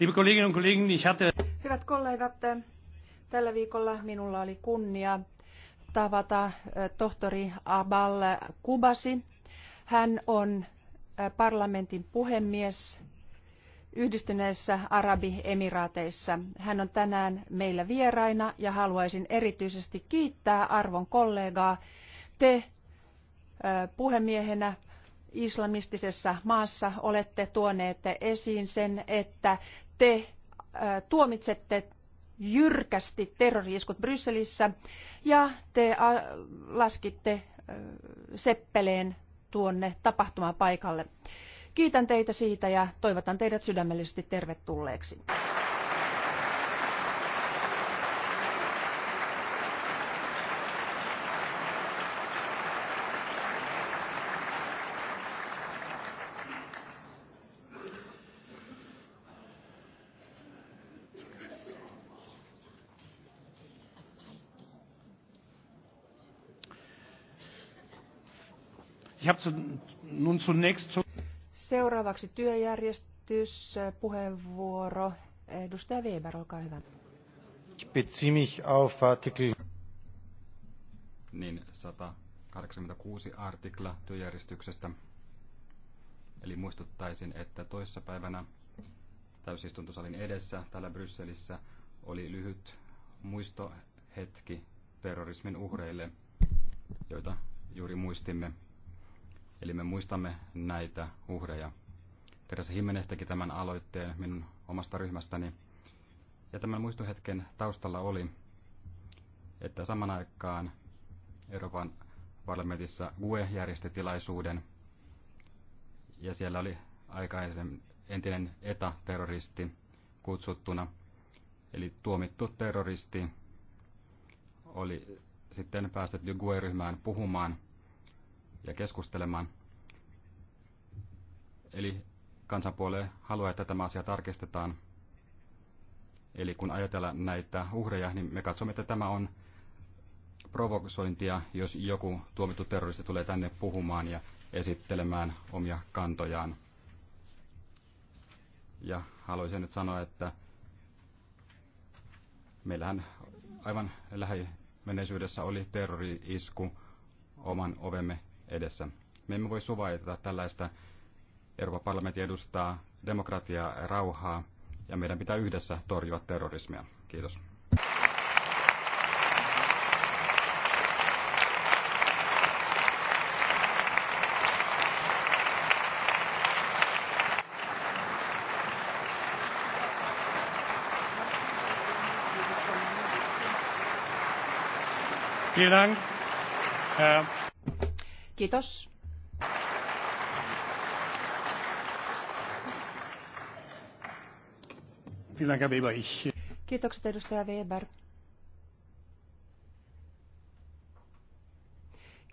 Liebe Kolleginnen und Kollegen, ich hatte... Hyvät kollegat, tällä viikolla minulla oli kunnia tavata tohtori Abal Kubasi. Hän on parlamentin puhemies Yhdistyneissä Arabiemiraateissa. Hän on tänään meillä vieraina ja haluaisin erityisesti kiittää arvon kollegaa. Te puhemiehenä islamistisessa maassa olette tuoneet esiin sen, että te äh, tuomitsette jyrkästi terroriiskut Brysselissä ja te äh, laskitte äh, seppeleen tuonne tapahtumapaikalle. Kiitän teitä siitä ja toivotan teidät sydämellisesti tervetulleeksi. Seuraavaksi työjärjestys, puheenvuoro. Edustaja Weber, olkaa hyvä. beziehe mich auf Artikel niin 186 artikla työjärjestyksestä. Eli muistuttaisin, että toissapäivänä täysistuntosalin edessä täällä Brysselissä oli lyhyt muistohetki terrorismin uhreille, joita juuri muistimme. Eli me muistamme näitä uhreja. Teresa Himmenes teki tämän aloitteen minun omasta ryhmästäni. Ja tämän muistohetken taustalla oli, että saman aikaan Euroopan parlamentissa GUE järjesti tilaisuuden. Ja siellä oli aikaisen entinen etaterroristi kutsuttuna. Eli tuomittu terroristi oli sitten päästetty GUE-ryhmään puhumaan – ja keskustelemaan. Eli kansanpuolue haluaa, että tämä asia tarkistetaan. Eli kun ajatellaan näitä uhreja, niin me katsomme, että tämä on provokointia, jos joku tuomittu terroristi tulee tänne puhumaan ja esittelemään omia kantojaan. Ja haluaisin nyt sanoa, että meillähän aivan lähimenneisyydessä oli terrori-isku oman ovemme edessä. Me emme voi suvaita tällaista. Euroopan parlamentti edustaa demokratiaa ja rauhaa, ja meidän pitää yhdessä torjua terrorismia. Kiitos. Vielen Dank, Herr Kiitos. Äh, Kiitokset edustaja Weber.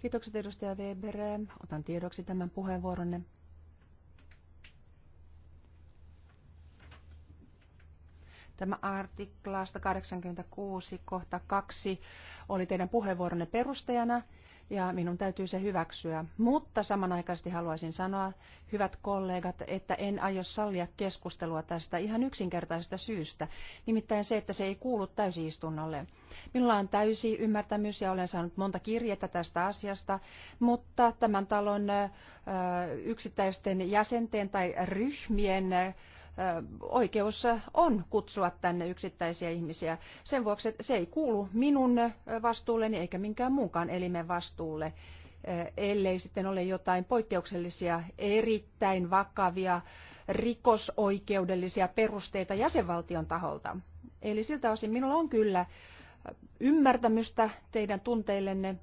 Kiitokset edustaja Weber. Otan tiedoksi tämän puheenvuoronne. Tämä artiklaasta 86 kohta 2 oli teidän puheenvuoronne perustajana ja minun täytyy se hyväksyä. Mutta samanaikaisesti haluaisin sanoa, hyvät kollegat, että en aio sallia keskustelua tästä ihan yksinkertaisesta syystä, nimittäin se, että se ei kuulu täysistunnolle. Minulla on täysi ymmärtämys ja olen saanut monta kirjettä tästä asiasta, mutta tämän talon yksittäisten jäsenten tai ryhmien oikeus on kutsua tänne yksittäisiä ihmisiä. Sen vuoksi, että se ei kuulu minun vastuulleni eikä minkään muunkaan elimen vastuulle, ellei sitten ole jotain poikkeuksellisia, erittäin vakavia rikosoikeudellisia perusteita jäsenvaltion taholta. Eli siltä osin minulla on kyllä ymmärtämystä teidän tunteillenne,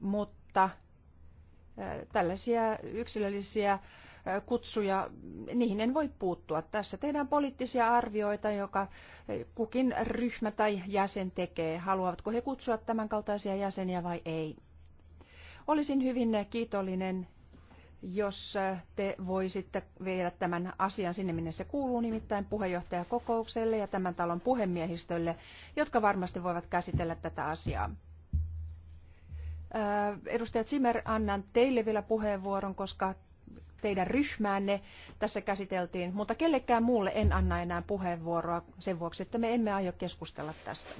mutta tällaisia yksilöllisiä kutsuja, niihin en voi puuttua. Tässä tehdään poliittisia arvioita, joka kukin ryhmä tai jäsen tekee. Haluavatko he kutsua tämänkaltaisia jäseniä vai ei? Olisin hyvin kiitollinen, jos te voisitte viedä tämän asian sinne, minne se kuuluu, nimittäin puheenjohtajakokoukselle ja tämän talon puhemiehistölle, jotka varmasti voivat käsitellä tätä asiaa. Edustaja Zimmer, annan teille vielä puheenvuoron, koska teidän ryhmäänne tässä käsiteltiin, mutta kellekään muulle en anna enää puheenvuoroa sen vuoksi, että me emme aio keskustella tästä.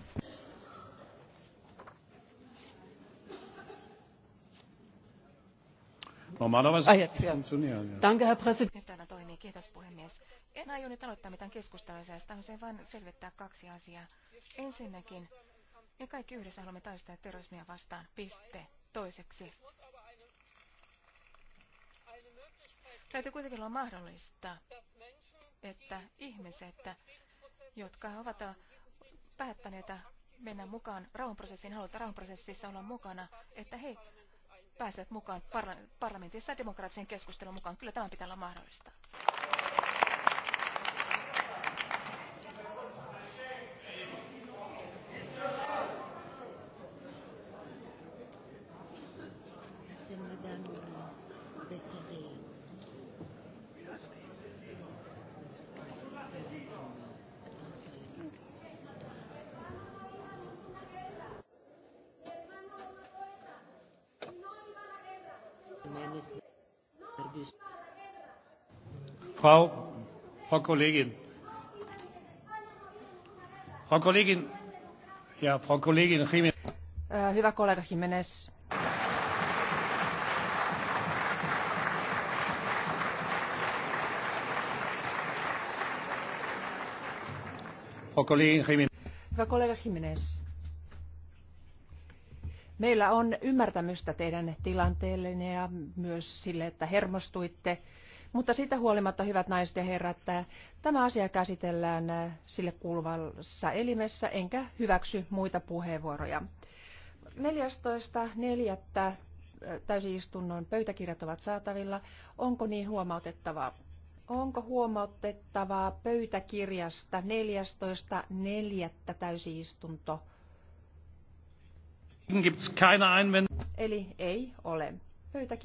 No, täällä toimii. Kiitos puhemies. En aio nyt aloittaa mitään keskustelua tästä, se vain selvittää kaksi asiaa. Ensinnäkin, me kaikki yhdessä haluamme taistaa terrorismia vastaan. Piste. Toiseksi, Täytyy kuitenkin olla mahdollista, että ihmiset, jotka ovat päättäneet mennä mukaan rauhanprosessiin, haluavat rauhanprosessissa olla mukana, että he pääsevät mukaan parla parlamentissa demokraattiseen keskusteluun mukaan. Kyllä tämä pitää olla mahdollista. Frau, kollega Jiménez. Kollegin Jiménez. Äh, hyvä kollega Jiménez. Meillä on ymmärtämystä teidän tilanteellenne ja myös sille, että hermostuitte mutta siitä huolimatta, hyvät naiset ja herrat, tämä asia käsitellään äh, sille kuuluvassa elimessä, enkä hyväksy muita puheenvuoroja. 14.4. Äh, täysistunnon pöytäkirjat ovat saatavilla. Onko niin huomautettavaa? Onko huomautettavaa pöytäkirjasta 14.4. täysistunto? Eli ei ole. Pöytäkirja